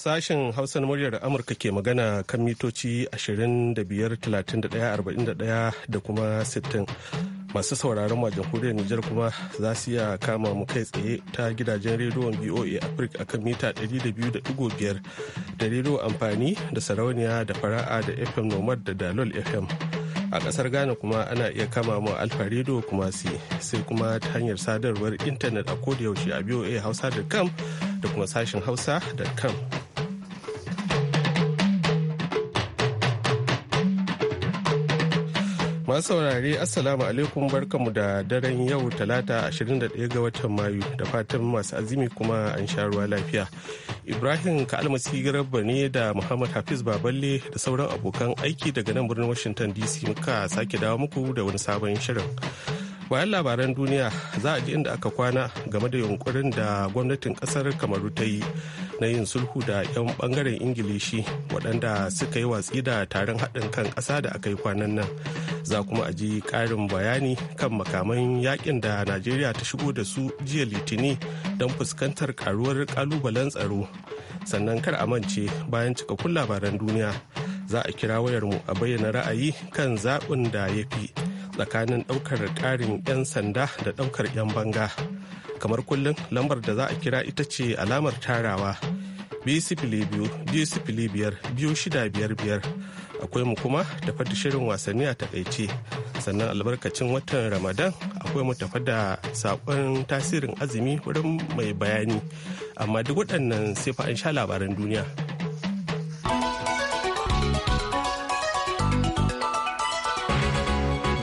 Sashen Hausa na muryar Amurka ke magana kan mitoci 25,31,41 da kuma 60. Masu sauraron mu a jamhuriyar Nijar kuma za su iya kama mu kai tsaye ta gidajen rediyon BOA Africa a kan mita 200.5 da rediyo amfani da sarauniya da fara'a da FM Nomad da Dalol FM. a kasar ghana kuma ana iya kama mu alfa rediyo kuma sai kuma ta hanyar sadarwar intanet a kodiyaushe a boa hausa.com da kuma sashen hausa.com Masu saurare Assalamu alaikum barkamu da daren yau talata 21 ga watan Mayu da fatan masu azumi kuma an sha ruwa lafiya. Ibrahim Ka'almasi Garba ne da Muhammad Hafiz Baballe da sauran abokan aiki daga nan birnin Washington DC muka sake dawo muku da wani sabon shirin. Bayan labaran duniya za a ji inda aka kwana game da yunkurin da gwamnatin kasar Kamaru ta yi na yin sulhu da 'yan bangaren ingilishi waɗanda suka yi watsi da taron haɗin kan ƙasa da aka yi kwanan nan za kuma a ji ƙarin bayani kan makaman yakin da najeriya ta shigo da su jiya litini don fuskantar ƙaruwar ƙalubalen tsaro sannan kar a mance bayan cikakkun labaran duniya za a kira wayarmu a bayyana ra'ayi kan zaɓin da ya fi tsakanin ɗaukar ƙarin 'yan sanda da ɗaukar 'yan banga. kamar kullum lambar da za a kira ita ce alamar tarawa biyar akwai mu kuma tafa da shirin wasanni a takaice sannan albarkacin watan ramadan akwai mu tafa da sakon tasirin azumi wurin mai bayani amma duk waɗannan sai fa an sha labaran duniya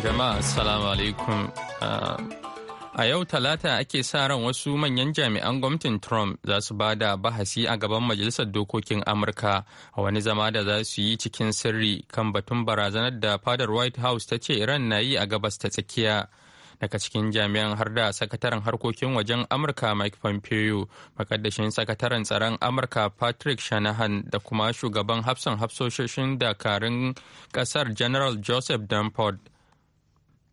jama'a assalamu alaikum ah, A yau Talata ake sa ran wasu manyan jami'an gwamnatin Trump za su ba da bahasi a gaban Majalisar Dokokin Amurka a wani zama da za su yi cikin sirri kan batun barazanar da fadar White House ta ce Iran na yi a gabas ta tsakiya. Daga cikin jami'an har da sakataren harkokin wajen Amurka Mike Pompeo, makaddashin sakataren tsaron Amurka Patrick Shanahan da kuma shugaban hafsan hafsoshin dakarun kasar General Joseph danford.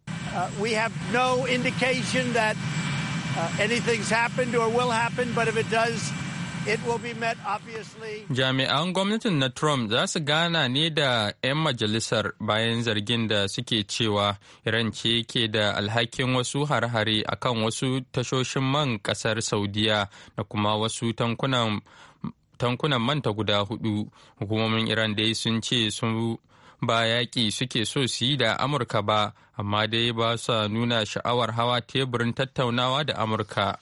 Uh, we have no indication that uh, anything's happened or will happen, but if it does, it will be met obviously. Jami'an gwamnatin na Trump za su gana ne da 'yan majalisar bayan zargin da suke cewa Iran ce ke da alhakin wasu har-hare akan wasu tashoshin man kasar Saudiya da kuma wasu tankunan tankunan manta guda hudu hukumomin iran dai sun ce sun ba yaƙi suke so su yi da amurka ba amma dai ba sa nuna sha'awar hawa teburin tattaunawa da amurka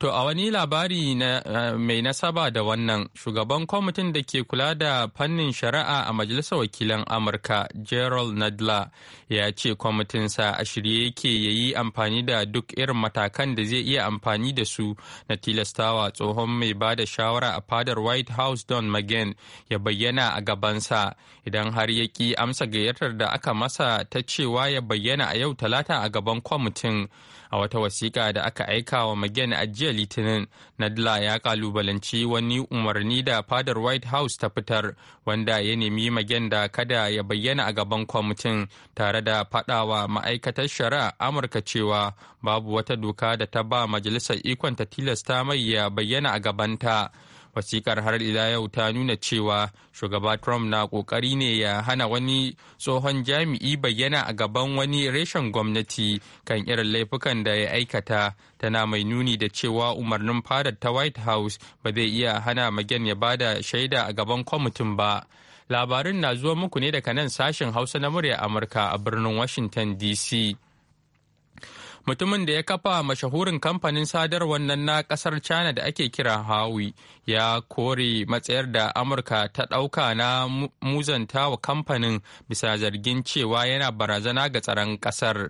To a wani labari na mai nasaba da wannan shugaban kwamitin da ke kula da fannin shari'a a Majalisar Wakilan Amurka Gerald Nadler ya ce kwamitinsa a shirye yake ya yi amfani da duk irin matakan da zai iya amfani da su na tilastawa tsohon mai ba da shawara a fadar White House Don magen ya bayyana a gabansa idan har ya ki amsa gayyatar da aka masa ta cewa ya bayyana a yau talata a gaban kwamitin. a wata wasiƙa da aka aika wa magen a jiya litinin nadla ya kalubalanci wani umarni da fadar white house ta fitar wanda ya nemi magen da kada ya bayyana a gaban kwamitin tare da fadawa ma'aikatar shari'a amurka cewa babu wata doka da ta ba majalisar ikon ta tilasta mai ya bayyana a gabanta. wasikar har ila yau ta nuna cewa shugaba trump na kokari ne ya hana wani tsohon jami'i bayyana a gaban wani reshen gwamnati kan irin laifukan da ya aikata tana mai nuni da cewa umarnin fadar ta white house ba zai iya hana magen ya bada shaida a gaban kwamitin ba labarin na zuwa muku ne daga nan sashen hausa na murya amurka a birnin washington dc mutumin da ya kafa mashahurin kamfanin sadarwar nan na kasar china da ake kira huawei ya kore matsayar da amurka ta ɗauka na muzanta wa kamfanin bisa zargin cewa yana barazana ga tsaron ƙasar.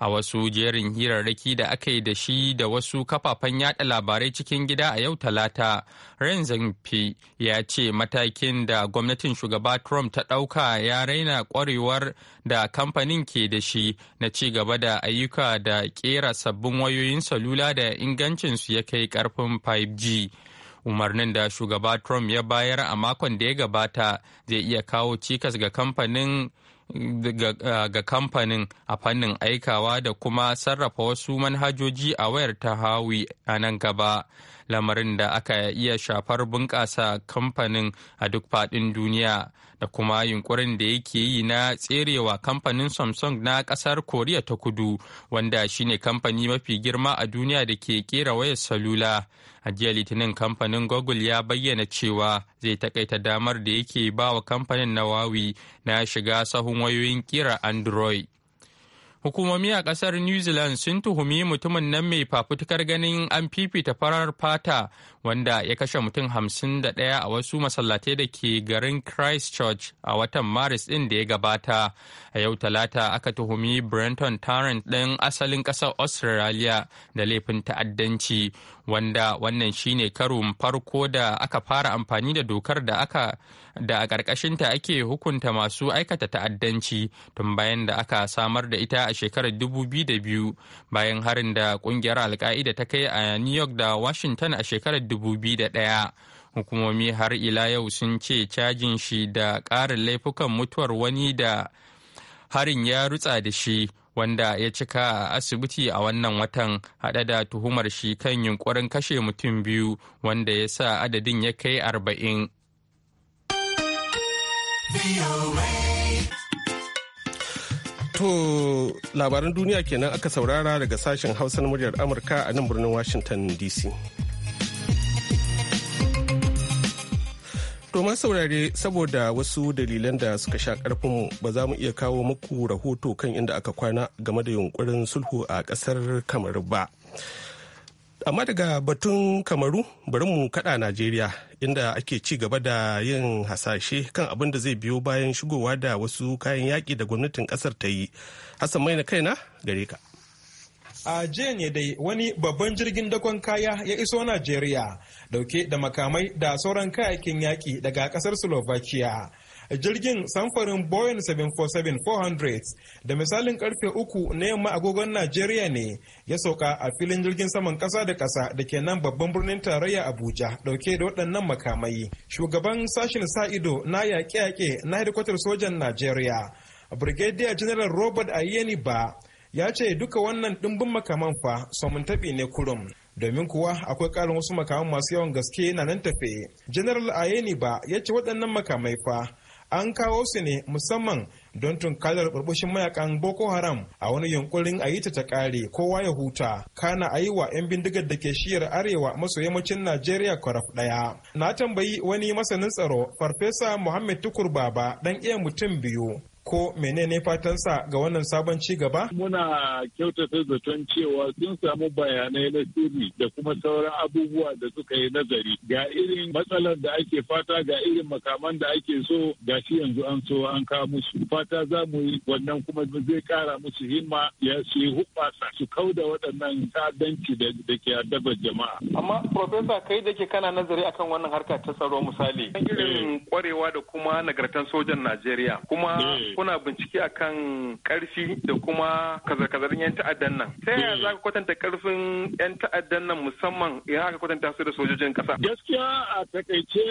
a wasu jerin hirarraki da aka yi da shi da wasu kafafen yada labarai cikin gida a yau talata ren zamfi ya ce matakin da gwamnatin shugaba trump ta ɗauka ya raina kwarewar da kamfanin ke da shi na ci gaba da ayyuka da kera sabbin wayoyin salula da ingancinsu ya kai karfin 5g umarnin da shugaba trump ya bayar a makon da ya gabata zai iya kawo cikas ga kamfanin ga kamfanin a fannin aikawa da kuma sarrafa wasu manhajoji a wayar ta hawi a nan gaba lamarin da aka iya shafar bunƙasa kamfanin a duk faɗin duniya da kuma yunkurin da yake yi na tserewa kamfanin samsung na ƙasar koriya ta kudu wanda shine kamfani mafi girma a duniya da ke kera wayar salula a jiya litinin kamfanin google ya bayyana cewa zai takaita damar da yake ba wa kamfanin nawawi na shiga sahun wayoyin kira android Hukumomi a ƙasar New Zealand sun tuhumi mutumin nan mai fafutukar ganin an fifita farar fata wanda ya kashe mutum hamsin da ɗaya a wasu masallatai da ke garin Christchurch a watan Maris ɗin da ya gabata. A yau talata aka tuhumi Brenton Tarrant ɗin asalin ƙasar Australia da laifin ta'addanci wanda wannan shine karon farko da aka fara amfani da dokar da aka da a ƙarƙashinta ake hukunta masu aikata ta'addanci tun bayan da aka samar da ita a shekarar 2002 bayan harin da ƙungiyar alka'ida ta kai a new york da washington a shekarar 2001 hukumomi har ila yau sun ce cajin shi da ƙarin laifukan mutuwar wani da harin ya rutsa da shi wanda ya cika a asibiti a wannan watan hada da tuhumar shi kan yunkurin kashe mutum biyu wanda ya sa adadin ya kai arba'in. To labaran duniya kenan aka saurara daga sashen hausa na muryar Amurka a nan birnin Washington DC. Domin saurare saboda wasu dalilan da suka sha ƙarfinmu ba za mu iya kawo muku rahoto kan inda aka kwana game da yunkurin sulhu a ƙasar kamaru ba. Amma daga batun kamaru bari mu kada Najeriya inda ake ci gaba da yin hasashe kan abin da zai biyo bayan shigowa da wasu kayan yaƙi da gwamnatin ƙasar ta yi. Hassan mai na kaina gare ka. a jiya ne dai wani babban jirgin dakon kaya ya iso najeriya dauke da makamai da sauran kayakin yaƙi daga ƙasar slovakia jirgin samfarin boeing 747-400 da misalin karfe uku na yamma agogon najeriya ne ya sauka a filin jirgin saman kasa da kasa da ke nan babban birnin tarayya abuja dauke da waɗannan makamai shugaban sashen sa-ido na yaƙe-yaƙe na hedikwatar sojan najeriya brigadier general robert ayeni ba ya ce duka wannan dimbin makaman fa taɓi ne kurum domin kuwa akwai ƙarin wasu makaman masu yawan gaske na nan tafe general ayeni ba ya ce waɗannan makamai fa an kawo su ne musamman don tunkarar burbushin mayakan boko haram a wani yunkurin a yi ta ta kare kowa ya huta kana a yi wa 'yan bindigar da ke shiyar arewa maso yammacin najeriya kwaraf ɗaya. na tambayi wani masanin tsaro farfesa muhammad tukur baba dan iya mutum biyu ko menene fatansa ga wannan sabon ci gaba? Muna kyautata zaton cewa sun samu bayanai na sirri da kuma sauran abubuwa da suka yi nazari ga irin matsalar da ake fata ga irin makaman da ake so ga shi yanzu an so an kawo musu fata za mu yi wannan kuma zai kara musu himma ya su yi hubbasa su kau da waɗannan ta'addanci da ke addabar jama'a. Amma Profesa kai da ke kana nazari akan wannan harka ta tsaro misali. Irin kwarewa da kuma nagartan sojan Najeriya kuma eh. kuna bincike akan karfi da kuma kazar 'yan ta'addan nan. Ta yaya mm. za ka kwatanta karfin 'yan ta'addan nan musamman idan aka kwatanta su da sojojin kasa? Gaskiya a takaice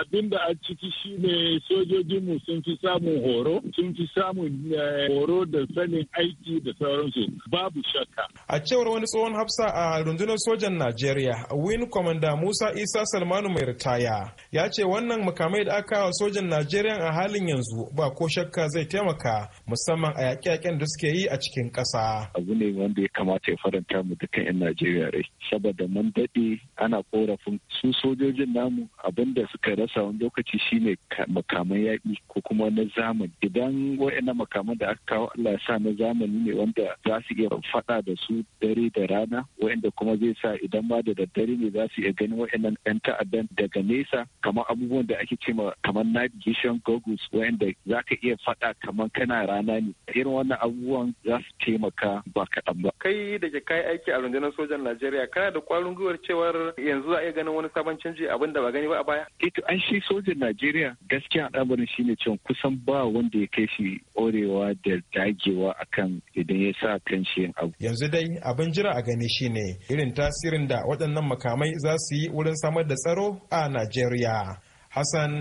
abin da a ciki shine sojojinmu sun fi samun horo, sun fi samun eh, horo da sanin aiki da sauransu babu shakka. A cewar wani tsohon hafsa a rundunar sojan Najeriya, Win Commander Musa Isa Salmanu mai ritaya ya ce wannan makamai da aka wa sojan Najeriya a halin yanzu ba ko shakka zai taimaka musamman a yaƙe-yaƙen da suke yi a cikin ƙasa. Abu ne wanda ya kamata ya faranta mu dukkan 'yan Najeriya rai. Saboda mun daɗe ana korafin su sojojin namu abin da suka rasa wani lokaci shine makaman yaƙi ko kuma na zamani. Idan wa'annan makaman da aka kawo Allah ya sa na zamani ne wanda za su iya faɗa da su dare da rana wa'inda kuma zai sa idan ma da daddare ne za su iya ganin nan 'yan ta'addan daga nesa kamar abubuwan da ake ce kamar night vision goggles wa'inda za ka iya faɗa kamar kana rana ne irin wannan abubuwan za su taimaka ba kaɗan ba. kai da ke kai aiki a rundunar sojan najeriya kana da kwarin gwiwar cewar yanzu za a iya ganin wani sabon canji abin da ba gani ba a baya. Eh to an shi sojan najeriya gaskiya al'amarin ne cewa kusan ba wanda ya kai shi ƙorewa da dagewa akan idan ya sa kan shi yin abu. yanzu dai abin jira a gani shi ne, irin tasirin da waɗannan makamai za su yi wurin samar da tsaro a najeriya. Hassan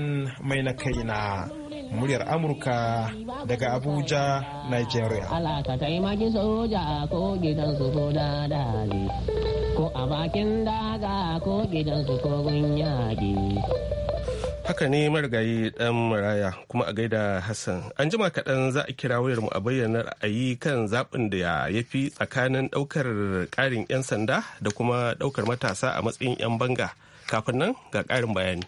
mai na kai na muryar Amurka daga Abuja, Nigeria. Ko a bakin daga ko ko Haka ne marigayi ɗan maraya kuma a gaida Hassan. An jima kaɗan za a kira wayar mu a bayyana ra'ayi kan zaɓin da ya fi tsakanin ɗaukar ƙarin 'yan sanda da kuma ɗaukar matasa a matsayin 'yan banga. Kafin nan ga ƙarin bayani.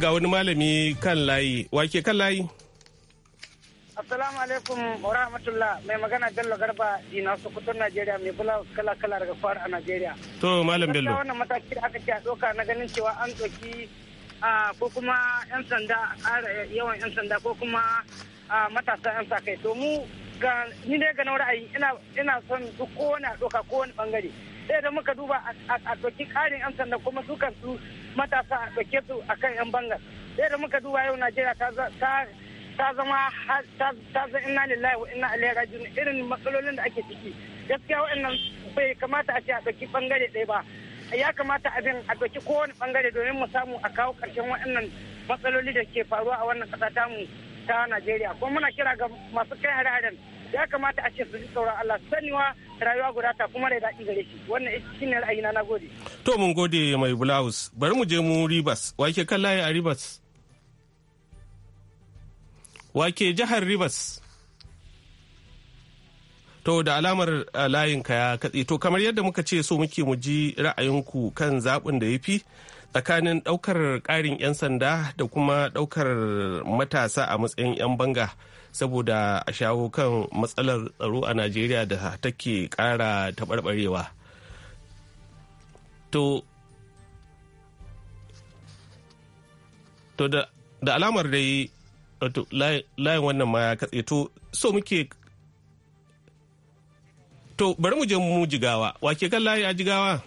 ga wani malami kan layi wake kan layi assalamu alaikum wa rahmatullah mai magana bello garba dina sokoton najeriya mai bula kala kala daga fara a najeriya to malam bello wannan mataki da aka ce a doka na ganin cewa an doki ko kuma yan sanda yawan yan sanda ko kuma matasa yan sa kai to mu ga ni dai ga ra'ayi ina ina son duk kowane a doka kowane bangare sai da muka duba a ɗauki ƙarin 'yan sanda kuma su matasa a ɗauke su a kan 'yan bangar sai da muka duba yau najeriya ta zama ta zama ina lillahi wa ina ilaihi rajiun irin matsalolin da ake ciki gaskiya wa'annan bai kamata a ce a ɗauki bangare ɗaya ba ya kamata a bin a ɗauki kowane bangare domin mu samu a kawo ƙarshen wa'annan matsaloli da ke faruwa a wannan ƙasa tamu ta Najeriya kuma muna kira ga masu kai hare-haren ya kamata a ce su ji tsoron Allah saniwa rayuwa guda ta kuma da daɗi gare shi wannan shi ne ra'ayina na gode. To mun gode mai Bulawus bari mu je mu Ribas wake kan layi a Ribas. Wake jihar Ribas. To da alamar layin ka ya katse to kamar yadda muka ce so muke mu ji ra'ayinku kan zaɓin da ya fi tsakanin ɗaukar ƙarin 'yan sanda da kuma ɗaukar matasa a matsayin 'yan banga saboda a shawo kan matsalar tsaro a najeriya da take ƙara taɓarɓarewa to to da alamar dai layin wannan ma ya katse to so muke to bari mu je mu jigawa wake kan layi a jigawa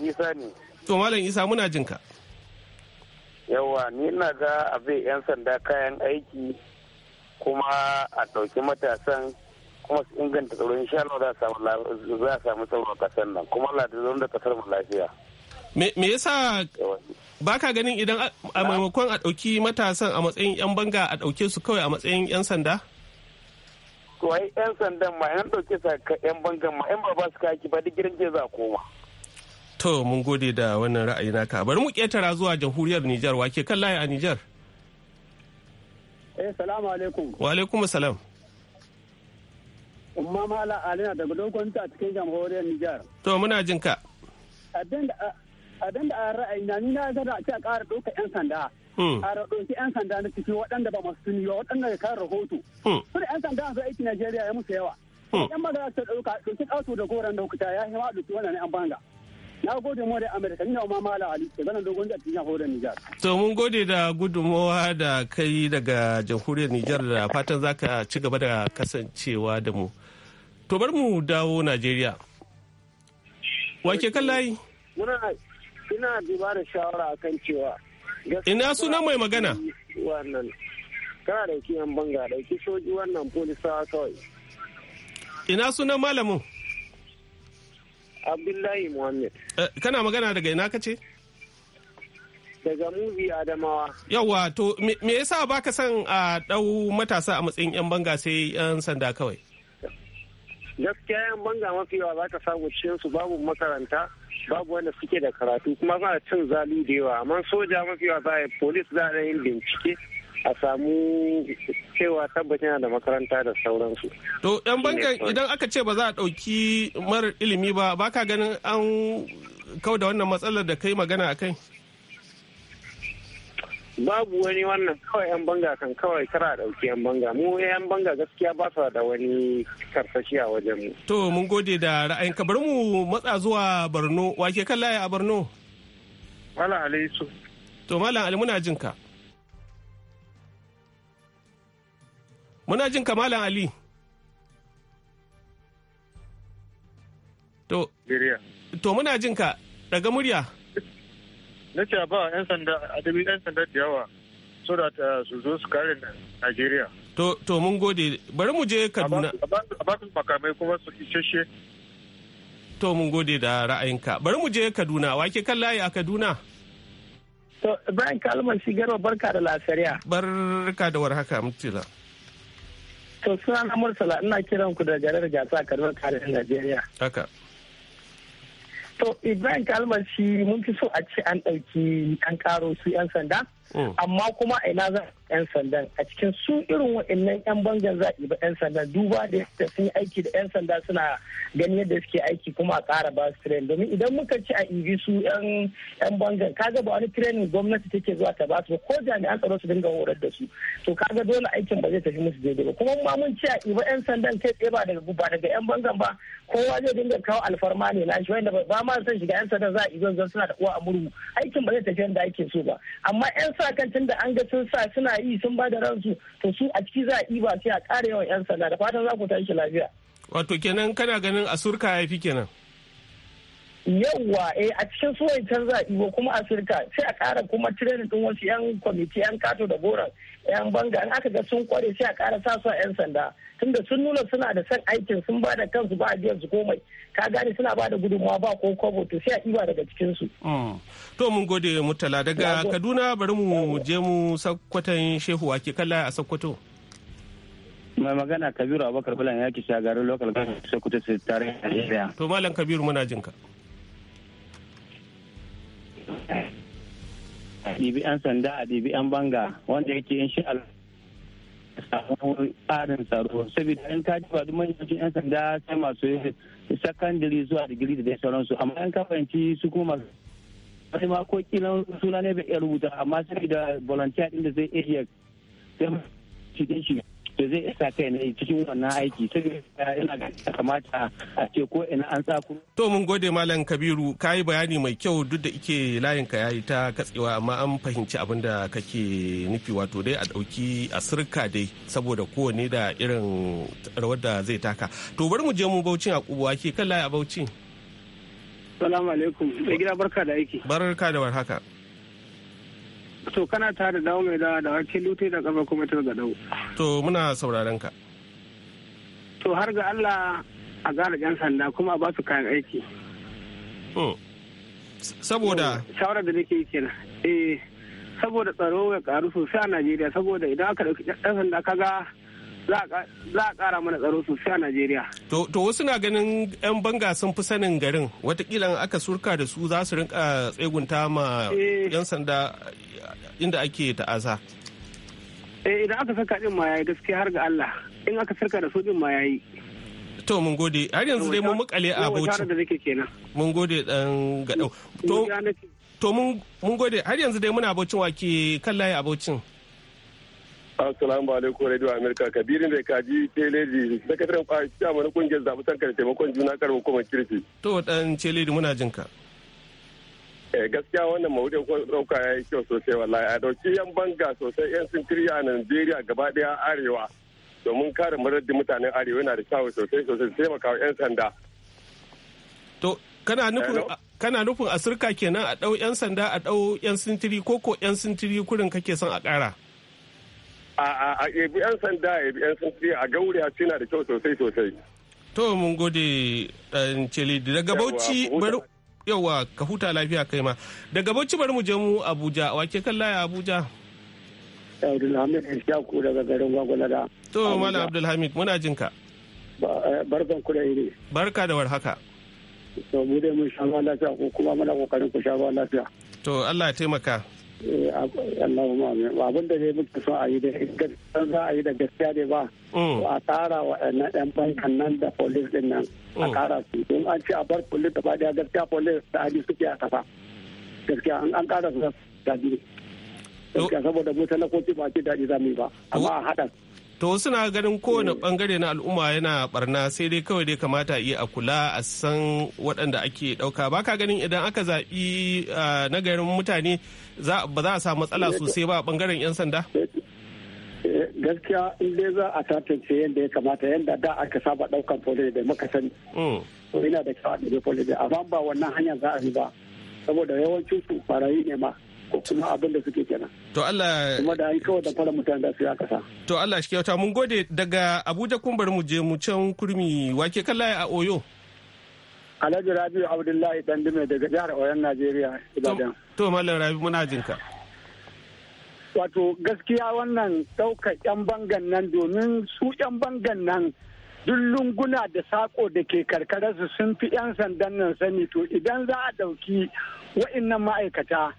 isa ne to malam isa muna jin ka yawa ni na ga abin 'yan sanda kayan aiki kuma a ɗauki matasan kuma su inganta tsaro insha Allah za a samu tsaro a kasar nan kuma Allah da da kasar mu lafiya me yasa baka ganin idan a maimakon a ɗauki matasan a matsayin 'yan banga a ɗauke su kawai a matsayin 'yan sanda? to ai 'yan sandan ma 'yan ɗauke su 'yan bangan ma 'yan ba ba su kaki ba duk gidan ke za a koma. To mun gode da wannan ra'ayi naka. Bari mu ƙetara zuwa jamhuriyar Nijar wake kan layi a Nijar. Eh salamu alaikum. Wa alaikum salam. Umma mala alina daga dogon ta cikin jamhuriyar Nijar. To muna jin ka. Abin da a ra'ayi na ni na zara ce a ƙara ɗauka 'yan sanda. Hmm. a ɗauki 'yan sanda na ciki waɗanda ba masu sani ba waɗanda hmm. da kan rahoto. Sun 'yan sanda su aiki Najeriya ya musu yawa. Yan hmm. magana su ɗauka su ƙato da goron da hukuta ya yi ma ɗauki wannan 'yan banga. na gode mu da amerika ina ma mala ali ke zanen dogon da tinya hore nijar to mun gode da gudunmawa da kai daga jamhuriyar nijar da fatan zaka ci gaba da kasancewa da mu to bar mu dawo najeriya wake kan layi ina duba da shawara akan cewa ina suna mai magana wannan kana da yan banga dauki soji wannan polisa kawai ina sunan malamin Abdullahi Muhammad. Eh, kana magana daga ina kace? Daga mubi Adamawa. Yawwa, to me yasa baka son a ɗau matasa a matsayin 'yan banga sai 'yan sanda kawai? Gaskiya 'yan banga mafi yawa za ka samu su babu makaranta, babu wanda suke da karatu, kuma ba cin zalu da yawa. Amma soja mafi yawa za a yi, polis za a yin bincike. a samu cewa tabbacin da makaranta da sauransu. To, ‘yan bankan idan aka ce ba za a ɗauki mara ilimi ba, ba ka ganin an kau da wannan matsalar da kai magana a kai? Babu wani wannan kawai ‘yan banga kan kawai kara ɗauki ‘yan banga. Mu ‘yan banga gaskiya ba su da wani karfashi a wajen mu. To, mun gode da ra'ayin ka bari mu matsa zuwa Borno. Wake kan laye a Borno? Malam Alisu. To, Malam Ali muna jin ka. muna jin kamalan ali to to muna jin ka daga murya na ce ba 'yan sanda adabi 'yan sanda da yawa so da uh, su zo su kare Najeriya. To, to mun gode, bari mu je Kaduna. A ba su makamai kuma su isheshe. To mun gode da ra'ayinka. Bari mu je Kaduna, wake kan layi a Kaduna. To, bayan Kalmar Shigarwa barka da lasariya. Barka da warhaka, mutila. To suna na Mursala ina kiran ku da garar gasa karbar tarihin Najeriya. Haka. To Ibrahim Kalmar shi mun fi so a ce an ɗauki an karo su 'yan sanda. Mm. Amma kuma ina za 'yan sandan a cikin su irin waɗannan 'yan bangan zaɓi ba 'yan sandan duba da sun yi aiki da 'yan sanda suna gani yadda suke aiki kuma a kara ba su tren domin idan muka ci a ibi su 'yan bangan kaga ba wani training gwamnati take zuwa ta ba su ko jami'an tsaro su dinga horar da su to kaga dole aikin ba zai tafi musu daidai ba kuma ma mun ci a ibi 'yan sandan kai tsaye ba daga ba daga 'yan bangan ba kowa zai dinga kawo alfarma ne na shi wanda ba ma son shiga 'yan sandan za a ibi zan suna da uwa a murhu aikin ba zai tafi yadda ake so ba amma 'yan sa kan da an ga sun sa suna yi sun ba da ransu to su a ciki za a yi ba sai a ƙara yawan 'yan sanda da fatan za ku tashi lafiya. Wato kenan kana ganin asurka ya fi kenan. yawwa eh a cikin suwaitar zaɓi ko kuma afirka sai a ƙara kuma tirenin ɗin wasu 'yan kwamiti 'yan kato da goron yan banga in aka ga sun kware sai a ƙara sa su a yan sanda tunda sun nuna suna da son aikin sun ba da kansu ba a biyan su komai ka gane suna ba da gudunmawa ba ko kwabo to sai a ɗiba daga cikin su. Hmm. to mun gode mutala daga kaduna bari mu je mu sakkwatan shehu ake kalla a sakkwato. mai magana kabiru abubakar bulan ya ki shagarin lokal government sokoto su tare da to malam kabiru muna jinka. ɗibi 'yan sanda a ɗibi 'yan banga wanda yake yin shi samu tsarin tsaro saboda in ka ji duk manyan yan sanda sai masu sakandiri zuwa digiri da dai sauransu amma in ka fahimci su kuma masu wani ma ko kilan suna ne bai iya rubuta amma saboda volunteer din da zai iya sai cikin shi to zai isa kai na cikin wannan aiki saboda ina ga kamata a ce ko ina an sa ku to mun gode malam kabiru kai bayani mai kyau duk da ike layin ka yayi ta katsewa amma an fahimci abin da kake nufi wato dai a dauki a sirka dai saboda kowane da irin rawar da zai taka to bari mu je mu baucin a kubuwa ke kan layi a baucin salamu alaikum da gida barka da aiki barka da warhaka haka to kana tare da dawo mai dawa da wakil lute da kafa kuma ta ga dawo. To muna sauraron ka. To har ga Allah a gara yan sanda kuma a ba su kayan aiki. Saboda? Shawarar da nake yi kenan. Eh, saboda tsaro ya karu sosai a Najeriya saboda idan aka ɗauki ɗan sanda kaga za a kara mana tsaro sosai a Najeriya. To wasu na ganin 'yan banga sun fi sanin garin watakila aka surka da su za su rinka tsegunta ma 'yan eh. sanda inda ake ta'aza. Eh idan aka saka din ma yayi gaskiya har ga Allah in aka sarka da su din ma yayi. To mun gode har yanzu dai mun makale a Bauchi. Mun gode dan gado. To mun gode har yanzu dai muna Bauchin wake kallaye a Bauchin. Assalamu alaikum Radio America Kabirin da kaji Celedi sakataren kwaciya mana kungiyar ka da taimakon juna karin hukumar kirki. To dan Celedi muna jin ka. Eh gaskiya wannan mawudin ko dauka yayi kyau sosai wallahi a dauki yan banga sosai yan sintiri a Najeriya gaba daya arewa domin kare muradin mutanen arewa yana da kyau sosai sosai sai makawa yan sanda. To kana nufin kana nufin asirka kenan a dau yan sanda a dau yan sintiri koko yan sintiri kurin kake son a kara. a ebi 'yan sanda a ebi 'yan sanda a gauri a cina da kyau sosai sosai to mun gode dan celi daga bauchi bari yawa ka huta lafiya kai ma daga bauchi bari mu je mu abuja wake kan laya abuja abdulhamid ku daga garin gwagwalada to malam abdulhamid muna jin ka eh, barkan ku da iri barka da warhaka to mu dai mun sha lafiya ko kuma muna kokarin ku sha lafiya to Allah ya taimaka Allahumma amin abin da zai mutu so a yi da gaskiya za a yi da gaskiya ne ba mm. a tara waɗannan yan bankan nan da polis din nan a kara mm. su don an ce a bar polis da bada gaskiya polis da hali suke a kasa gaskiya an kara su da biyu gaskiya saboda mu talakoci ba ce daɗi za mu yi ba amma a haɗa To suna ganin kowane bangare mm. na al'umma yana barna sai dai kawai dai kamata yi a kula a san waɗanda ake ɗauka. ka ganin idan aka zaɓi nagarin mutane ba za a samu matsala eh, sosai ba a bangaren 'yan sanda? Eh, eh, gaskiya in dai za a tantance yadda ya kamata yadda da aka saba ɗaukan foliyo da muka sani. Mm. To ina da kyau a ɗauke amma ba wannan hanya za a yi ba. Saboda yawancin su farayi ne ma. kuma abin da suke kenan. To Allah kuma da ai kawai da fara mutane da su ya kasa. To Allah shi kyauta mun gode daga Abuja kun bari mu je mu can kurmi wake kallaye a Oyo. Alhaji Rabi'u Abdullahi Dandume daga jihar Oyon Najeriya Ibadan. To Malam Rabi muna ka. Wato gaskiya wannan ɗaukar 'yan bangan nan domin su 'yan bangan nan duk lunguna da sako da ke karkararsu sun fi 'yan sandan nan sani to idan za a ɗauki wa'innan ma'aikata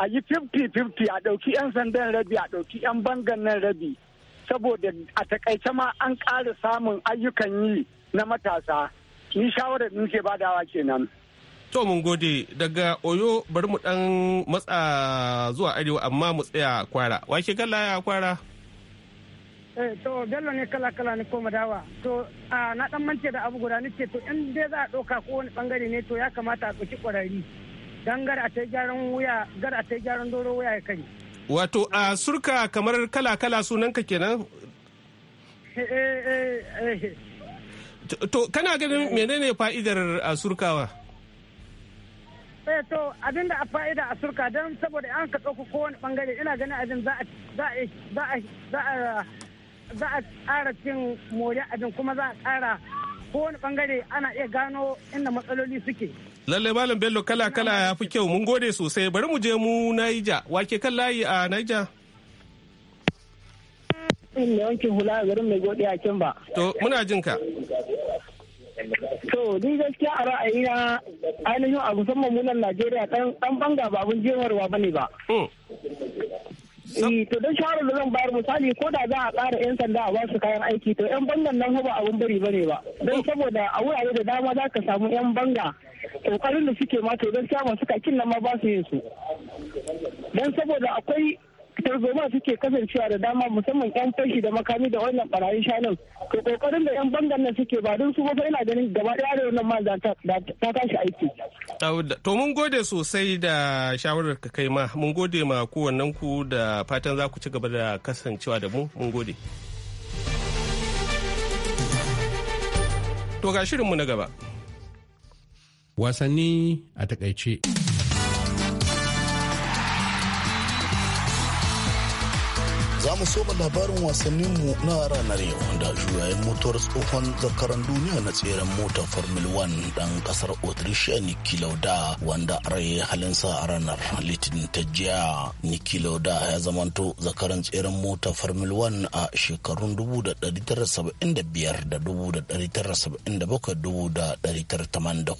a yi 50-50 a ɗauki 'yan sandan rabi a ɗauki 'yan bangan nan rabi saboda a takaice ma an ƙara samun ayyukan yi na matasa ni shawarar da ke badawa kenan. To mun gode daga Oyo bari mu dan matsa zuwa arewa amma mu tsaya kwara. Wake galla ya kwara? Eh to bello ne kala kala ne ko dawa. To na dan mance da abu guda nake to in dai za a doka ko wani bangare ne to ya kamata a tsoki kwararri. don gar a ta gyaran wuya gar a ta gyaran doro wuya ya kai. wato a surka kamar kala kala sunan ka kenan eh, eh, eh, to kana ganin menene fa'idar a surkawa eh to abinda a fa'ida a surka don saboda an ka tsoko kowane bangare ina ganin abin za a za a ƙara cin moriya abin kuma za a ƙara kowane bangare ana iya gano inda matsaloli suke Lallai Malam Bello kala-kala ya fi kyau mun gode sosai bari mu je mu Naija wake kan layi a Naija. To muna jin ka. To ni gaskiya a ra'ayina ainihin a musamman munan Najeriya dan banga ba abun jewarwa ne ba. Hmm. Eh, to don shawarar da zan bayar misali ko da za a ƙara 'yan sanda a basu kayan aiki to 'yan bangan nan ba abun bari ba ne ba don hmm. saboda a wurare da dama za ka samu 'yan banga kokarin da suke ma to samun masu kakin nan ma ba su yin su don saboda akwai tarzoma suke kasancewa da dama musamman yan fashi da makami da wannan barayin shanun to kokarin da yan bangan nan suke ba don su ba yana ganin gaba daya da wannan ma ta tashi aiki to mun gode sosai da shawarar ka kai ma mun gode ma kowannen ku da fatan za ku ci gaba da kasancewa da mu mun gode to ga shirinmu na gaba wasanni a takaice. mu soma labarin wasannin mu na ranar yau da juyayen mutuwar tsohon zakaran duniya na tseren mota formula 1 dan kasar autricia niki lauda wanda rai halinsa a ranar litinin ta jiya niki lauda ya zamanto zakaran tseren mota formula 1 a shekarun 1975 da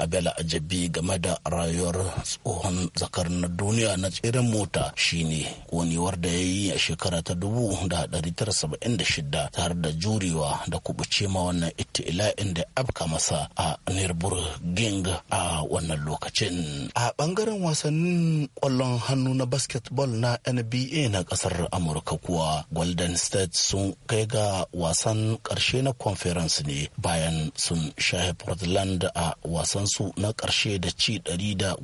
a bela ajabi game da rayuwar tsohon zakar na duniya na tseren mota shine konewar da ya yi a shekara ta 1976 tare da jurewa da kubuce ma wannan itila'in da afka masa a nürburgring a wannan lokacin a bangaren wasannin kwallon hannu na basketball na nba na kasar amurka kuwa golden state sun kai ga wasan karshe na conference ne bayan sun shahe portland a wasan su na karshe da ci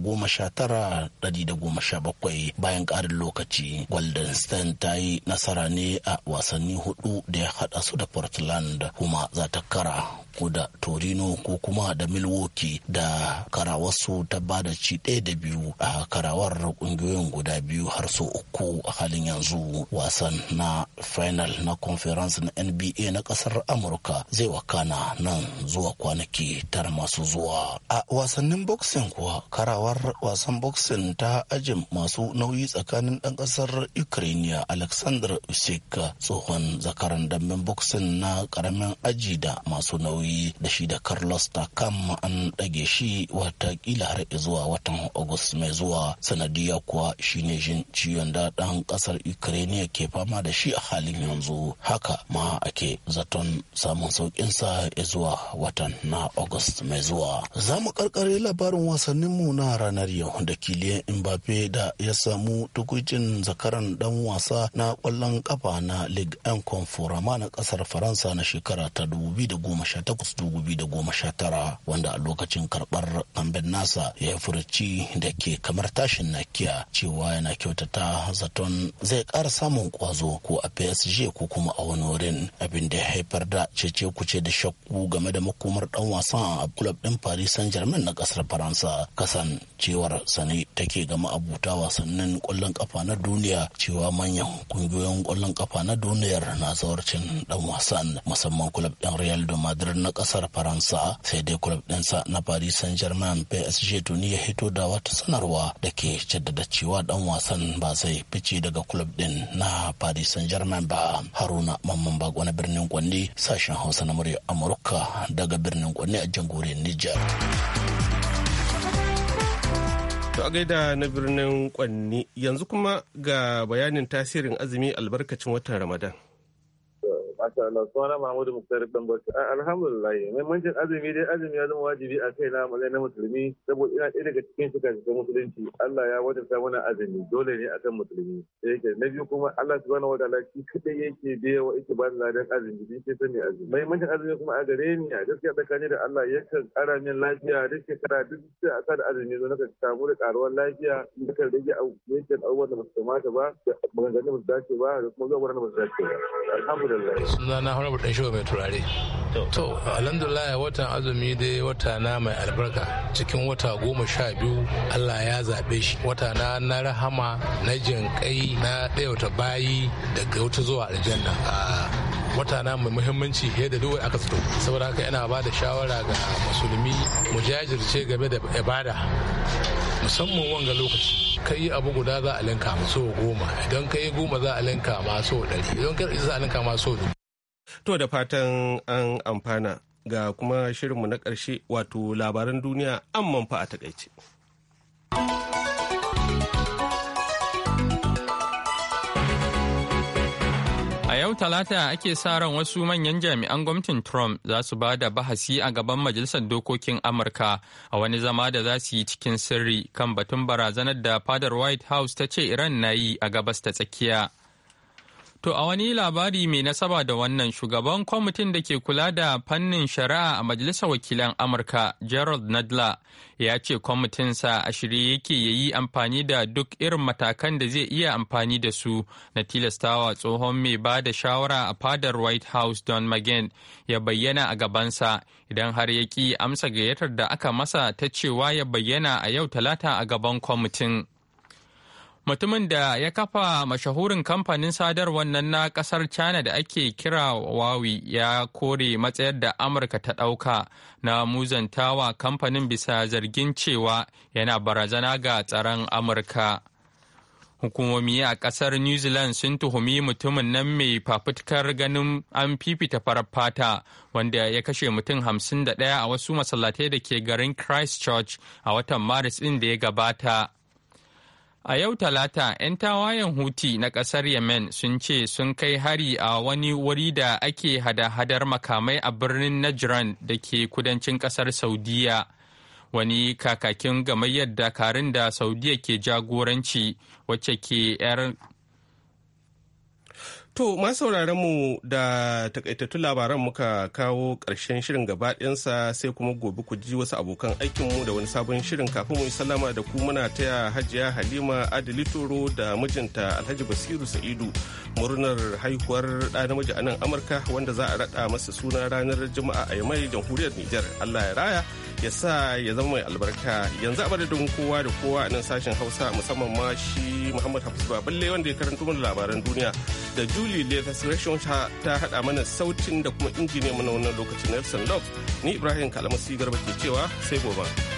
goma sha tara, 119 bakwai bayan karin lokaci golden state ta yi nasara ne a wasanni hudu da ya hada su da portland kuma za ta kara ko da torino ko kuma da milwaukee da karawarsu ta bada ci ɗaya da biyu a karawar ƙungiyoyin guda biyu har so uku a halin yanzu wasan na final na conference na nba na ƙasar amurka zai wakana nan zuwa kwanaki tara masu zuwa a wasannin boxing kuwa karawar wasan boxing ta ajin masu nauyi tsakanin ɗan ƙasar ukraine alexander usik tsohon zakaran damben boxing na ƙaramin aji da masu nauyi lauyoyi da shi da Carlos Takam an ɗage shi watakila har zuwa watan August mai zuwa sanadiyya kuwa shine jin ciwon da ɗan ƙasar Ukraine ke fama da shi a halin yanzu haka ma ake zaton samun sauƙinsa zuwa watan na August mai zuwa. Za mu karkare labarin wasanninmu na ranar yau da kiliyan Mbappe da ya samu tukucin zakaran dan wasa na ƙwallon ƙafa na Ligue 1 Conforama na ƙasar Faransa na shekara ta 2018 takwas tara wanda a lokacin karɓar kamben nasa ya yi furuci da ke kamar tashin nakiya cewa yana kyautata zaton zai ƙara samun ƙwazo ko a PSG ko kuma a wani wurin abin da ya haifar da cece kuce da shakku game da makomar dan wasan a club ɗin Paris Saint-Germain na ƙasar Faransa kasan cewar sani take gama abuta wasannin ƙwallon ƙafa na duniya cewa manyan kungiyoyin ƙwallon ƙafa na duniyar na zawarcin dan wasan musamman club ɗin Real de Madrid na kasar faransa sai dai kulub sa na paris saint germain psg tuni ya hito da wata sanarwa da ke jaddada cewa dan wasan ba zai fice daga kulub din na paris saint germain ba haruna mamman bako na birnin kwanne sashen hausa na murya amurka daga birnin kwanne a jangore niger To a gaida na birnin kwanni yanzu kuma ga bayanin tasirin azumi albarkacin watan Ramadan. Masha Allah, suna Mahmudu Muktar Dangote. Alhamdulillah, muhimmancin azumi dai azumi ya zama wajibi a kai na mazai na musulmi saboda ina ɗaya daga cikin shika-shikan musulunci. Allah ya wajabta mana azumi dole ne akan musulmi. Yake na biyu kuma Allah subhanahu wa ta'ala shi kadai yake biya wa yake ba dan azumi shi ke sani azumi. Muhimmancin azumi kuma a gare ni a gaskiya tsakani da Allah yakan ƙara min lafiya duk shekara duk sai a da azumi zo ka samu da ƙaruwar lafiya nakan rage yankin abubuwan da ba su kamata ba da maganganun da ba su ba da kuma zuwa da ba su dace ba. Alhamdulillah. suna na harabu dan shiwa mai turare to alhamdulillah watan azumi dai wata na mai albarka cikin wata goma sha biyu allah ya zaɓe shi wata na na rahama na jinƙai na ɗayauta bayi daga wata zuwa aljanna wata na mai muhimmanci fiye da duwai aka sato saboda haka yana ba da shawara ga musulmi mu jajirce game da ibada musamman wanga lokaci ka yi abu guda za a linka maso goma idan ka yi goma za a linka maso ɗari idan ka yi za a linka maso To da fatan an amfana ga kuma shirinmu na ƙarshe wato labaran duniya an manfa a takaice. A yau Talata ake sa ran wasu manyan jami'an gwamnatin Trump za su ba da bahasi a gaban Majalisar Dokokin Amurka a wani zama da za su yi cikin sirri kan batun barazanar da fadar White House ta ce Iran na yi a gabas ta tsakiya. To a wani labari mai nasaba da wannan shugaban kwamitin da ke kula da fannin shari'a a Majalisar Wakilan Amurka Gerald Nadler ya ce kwamitinsa a shirye yake ya yi amfani da duk irin matakan da zai iya amfani da su na tilastawa tsohon mai ba da shawara a fadar White House Don McGahn ya bayyana a gabansa idan har ya ki amsa gayyatar da aka masa ta cewa ya bayyana a yau talata a gaban kwamitin. mutumin da ya kafa mashahurin kamfanin sadarwar nan na kasar china da ake kira wawi ya kore matsayar da amurka ta ɗauka na muzantawa kamfanin bisa zargin cewa yana barazana ga tsaron amurka hukumomi a kasar new zealand sun tuhumi mutumin nan mai fafutukar ganin an fifita farar fata wanda ya kashe mutum hamsin da ɗaya a wasu masallatai da ke garin christchurch a watan maris ɗin da ya gabata A yau Talata, 'yan tawayen Huti na ƙasar Yemen sun ce sun kai hari a wani wuri da ake hada-hadar makamai a birnin Najran da ke kudancin ƙasar Saudiya. Wani kakakin gamayyar dakarun da Saudiya ke jagoranci wacce ke 'yar To, masu mu da takaitattun labaran muka kawo ƙarshen shirin gabaɗinsa sai kuma gobe ku ji wasu abokan aikinmu da wani sabon shirin kafin mu yi sallama da ku muna taya hajiya Halima Adili da mijinta Alhaji Basiru Sa'idu murnar haihuwar ɗa namiji a nan Amurka wanda za a raɗa masa suna ranar Juma'a a Yamai jamhuriyar Nijar. Allah ya raya. ya sa ya zama mai albarka yanzu a madadin kowa da kowa a nan sashen hausa musamman ma shi muhammad hafiz baballe wanda ya karanta mana labaran duniya da julie lefes reshon ta hada mana sautin da kuma injiniyan mana wannan lokacin nelson love ni ibrahim kalamasi garba ke cewa sai gobe.